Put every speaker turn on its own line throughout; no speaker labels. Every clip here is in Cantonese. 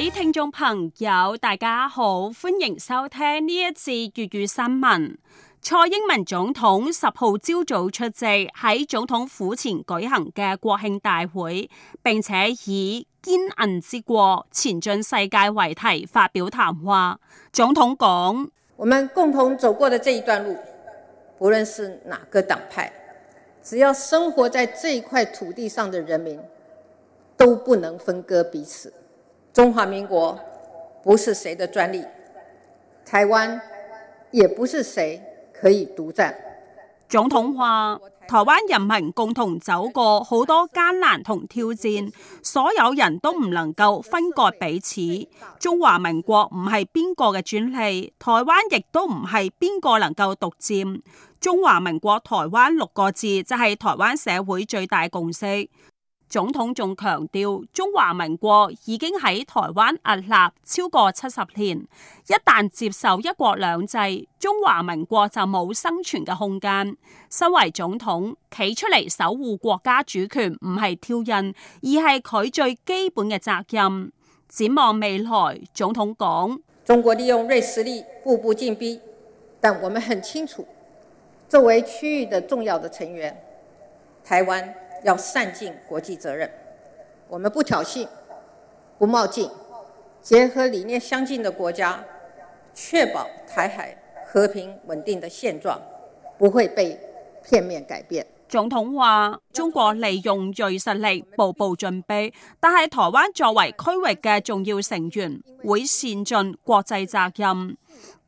各位聽眾朋友，大家好，歡迎收聽呢一次粵語新聞。蔡英文總統十號朝早出席喺總統府前舉行嘅國慶大會，並且以堅韌之國前進世界為題發表談話。總統講：我們共同走過的這一段路，不論是哪個黨派，只要生活在這一塊土地上的人民，都不能分割彼此。中華民國不是誰的專利，台灣也不是誰可以獨佔。總統話：台灣人民共同走過好多艱難同挑戰，所有人都唔能夠分割彼此。中華民國唔係邊個嘅專利，台灣亦都唔係邊個能夠獨佔。中華民國台灣六個字就係台灣社會最大共識。總統仲強調，中華民國已經喺台灣屹立超過七十年，一旦接受一國兩制，中華民國就冇生存嘅空間。身為總統，企出嚟守護國家主權，唔係挑釁，而係佢最基本嘅責任。展望未來，總統講：中國利用銳實力步步進逼，但我們很清楚，作為區域的重要的成員，台灣。要善盡國際責任，我們不挑釁，不冒進，結合理念相近的國家，確保台海和平穩定的現狀不會被片面改變。總統話：中國利用銳實力步步進逼，但係台灣作為區域嘅重要成員，會善盡國際責任。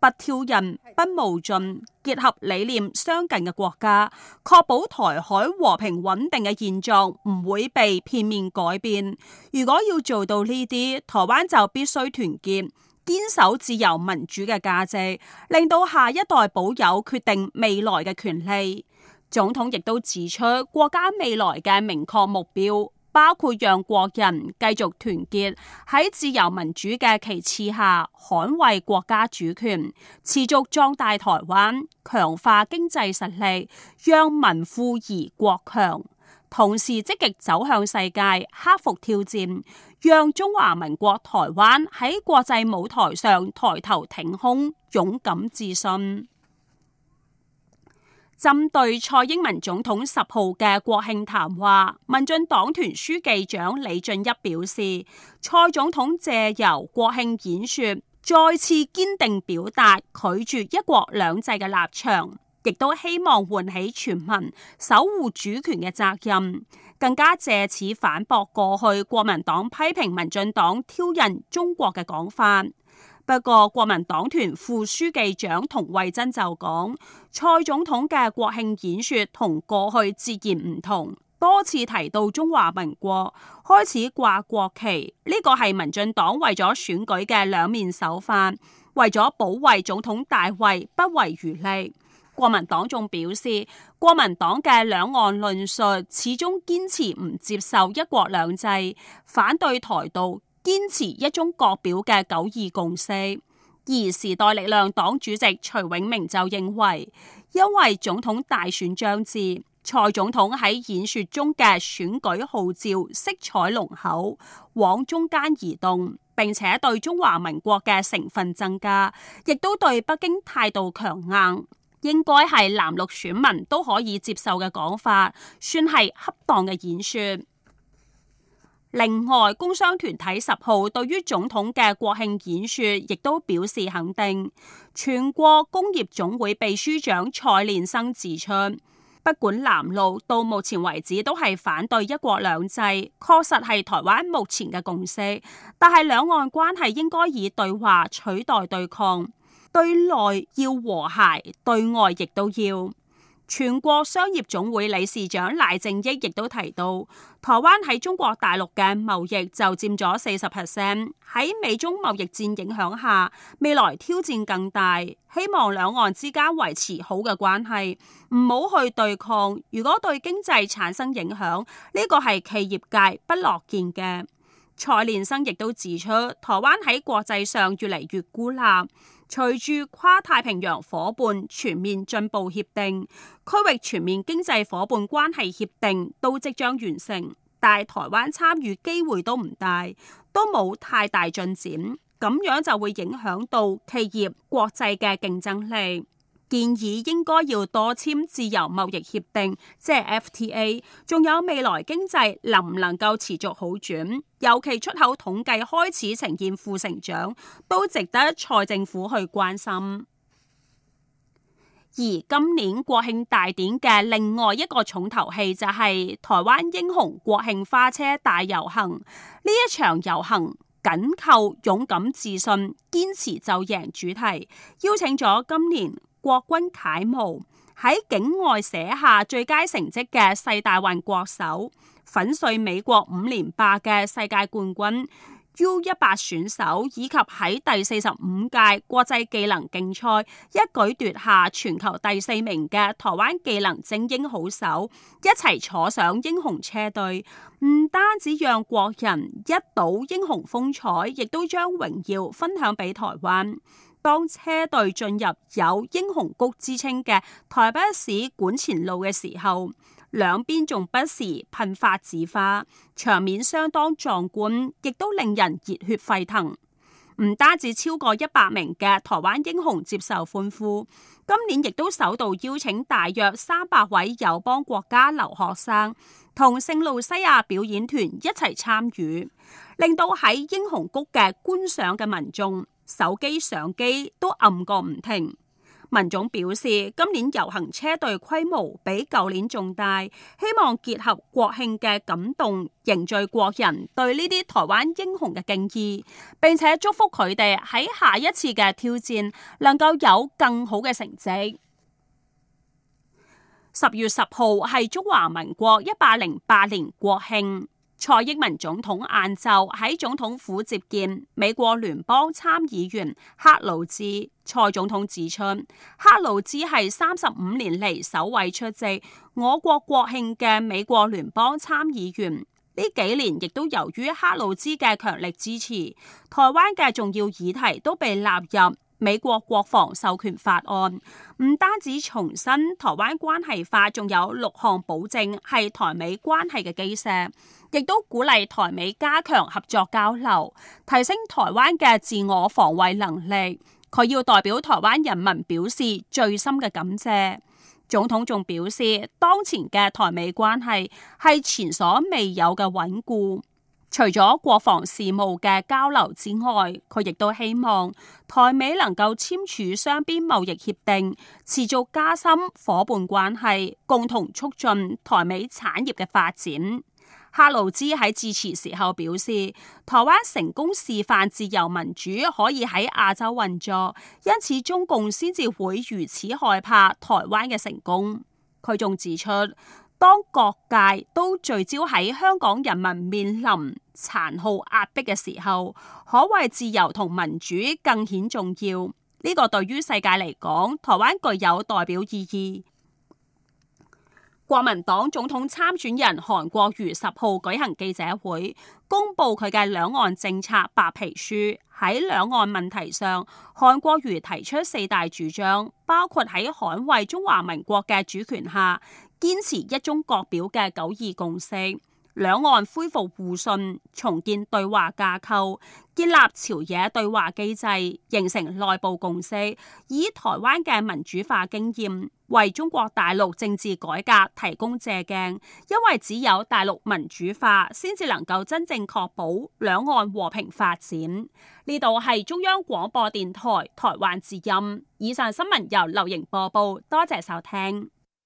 不挑釁，不冒進，結合理念相近嘅國家，確保台海和平穩定嘅現狀唔會被片面改變。如果要做到呢啲，台灣就必須團結，堅守自由民主嘅價值，令到下一代保有決定未來嘅權利。總統亦都指出國家未來嘅明確目標。包括讓國人繼續團結喺自由民主嘅旗幟下捍衛國家主權，持續壯大台灣，強化經濟實力，讓民富而國強，同時積極走向世界，克服挑戰，讓中華民國台灣喺國際舞台上抬頭挺胸，勇敢自信。針對蔡英文總統十號嘅國慶談話，民進黨團書記長李俊一表示，蔡總統借由國慶演說，再次堅定表達拒絕一國兩制嘅立場，亦都希望喚起全民守護主權嘅責任，更加借此反駁過去國民黨批評民進黨挑釁中國嘅講法。不過，國民黨團副書記長童慧珍就講，蔡總統嘅國慶演說同過去截然唔同，多次提到中華民國，開始掛國旗，呢個係民進黨為咗選舉嘅兩面手法，為咗保衛總統大位不遺餘力。國民黨仲表示，國民黨嘅兩岸論述始終堅持唔接受一國兩制，反對台獨。堅持一中各表嘅九二共識，而時代力量黨主席徐永明就認為，因為總統大選將至，蔡總統喺演說中嘅選舉號召色彩濃厚，往中間移動，並且對中華民國嘅成分增加，亦都對北京態度強硬，應該係藍綠選民都可以接受嘅講法，算係恰當嘅演說。另外，工商團體十號對於總統嘅國慶演說亦都表示肯定。全國工業總會秘書長蔡練生指出，不管藍綠，到目前為止都係反對一國兩制，確實係台灣目前嘅共識。但係兩岸關係應該以對話取代對抗，對內要和諧，對外亦都要。全國商業總會理事長賴正鎰亦都提到，台灣喺中國大陸嘅貿易就佔咗四十 percent，喺美中貿易戰影響下，未來挑戰更大。希望兩岸之間維持好嘅關係，唔好去對抗。如果對經濟產生影響，呢個係企業界不樂見嘅。蔡練生亦都指出，台灣喺國際上越嚟越孤立，隨住跨太平洋伙伴全面進步協定、區域全面經濟伙伴關係協定都即將完成，但係台灣參與機會都唔大，都冇太大進展，咁樣就會影響到企業國際嘅競爭力。建議應該要多簽自由貿易協定，即係 FTA。仲有未來經濟能唔能夠持續好轉，尤其出口統計開始呈現負成長，都值得蔡政府去關心。而今年國慶大典嘅另外一個重頭戲就係台灣英雄國慶花車大遊行。呢一場遊行緊扣勇敢、自信、堅持就贏主題，邀請咗今年。國軍楷模，喺境外寫下最佳成績嘅世大運國手，粉碎美國五連霸嘅世界冠軍 U 一八選手，以及喺第四十五屆國際技能競賽一舉奪下全球第四名嘅台灣技能精英好手，一齊坐上英雄車隊，唔單止讓國人一睹英雄風采，亦都將榮耀分享俾台灣。當車隊進入有英雄谷之稱嘅台北市館前路嘅時候，兩邊仲不時噴發紙花，場面相當壯觀，亦都令人熱血沸騰。唔單止超過一百名嘅台灣英雄接受歡呼，今年亦都首度邀請大約三百位友邦國家留學生同聖路西亞表演團一齊參與，令到喺英雄谷嘅觀賞嘅民眾。手機相機都暗過唔停。民眾表示，今年遊行車隊規模比舊年仲大，希望結合國慶嘅感動，凝聚國人對呢啲台灣英雄嘅敬意，並且祝福佢哋喺下一次嘅挑戰能夠有更好嘅成績。十月十號係中華民國一百零八年國慶。蔡英文總統晏晝喺總統府接見美國聯邦參議員克魯茲。蔡總統指出，克魯茲係三十五年嚟首位出席我國國慶嘅美國聯邦參議員。呢幾年亦都由於克魯茲嘅強力支持，台灣嘅重要議題都被納入美國國防授權法案。唔單止重申台灣關係法，仲有六項保證係台美關係嘅基石。亦都鼓勵台美加強合作交流，提升台灣嘅自我防衛能力。佢要代表台灣人民表示最深嘅感謝。總統仲表示，當前嘅台美關係係前所未有嘅穩固。除咗國防事務嘅交流之外，佢亦都希望台美能夠簽署雙邊貿易協定，持續加深夥伴關係，共同促進台美產業嘅發展。克魯茲喺致辭時候表示，台灣成功示範自由民主可以喺亞洲運作，因此中共先至會如此害怕台灣嘅成功。佢仲指出，當各界都聚焦喺香港人民面臨殘酷壓迫嘅時候，捍衛自由同民主更顯重要。呢個對於世界嚟講，台灣具有代表意義。國民黨總統參選人韓國瑜十號舉行記者會，公佈佢嘅兩岸政策白皮書。喺兩岸問題上，韓國瑜提出四大主張，包括喺捍衛中華民國嘅主權下，堅持一中各表嘅九二共識。兩岸恢復互信，重建對話架構，建立朝野對話機制，形成內部共識，以台灣嘅民主化經驗為中國大陸政治改革提供借鏡。因為只有大陸民主化，先至能夠真正確保兩岸和平發展。呢度係中央廣播電台台灣之音，以上新聞由劉瑩播報，多謝收聽。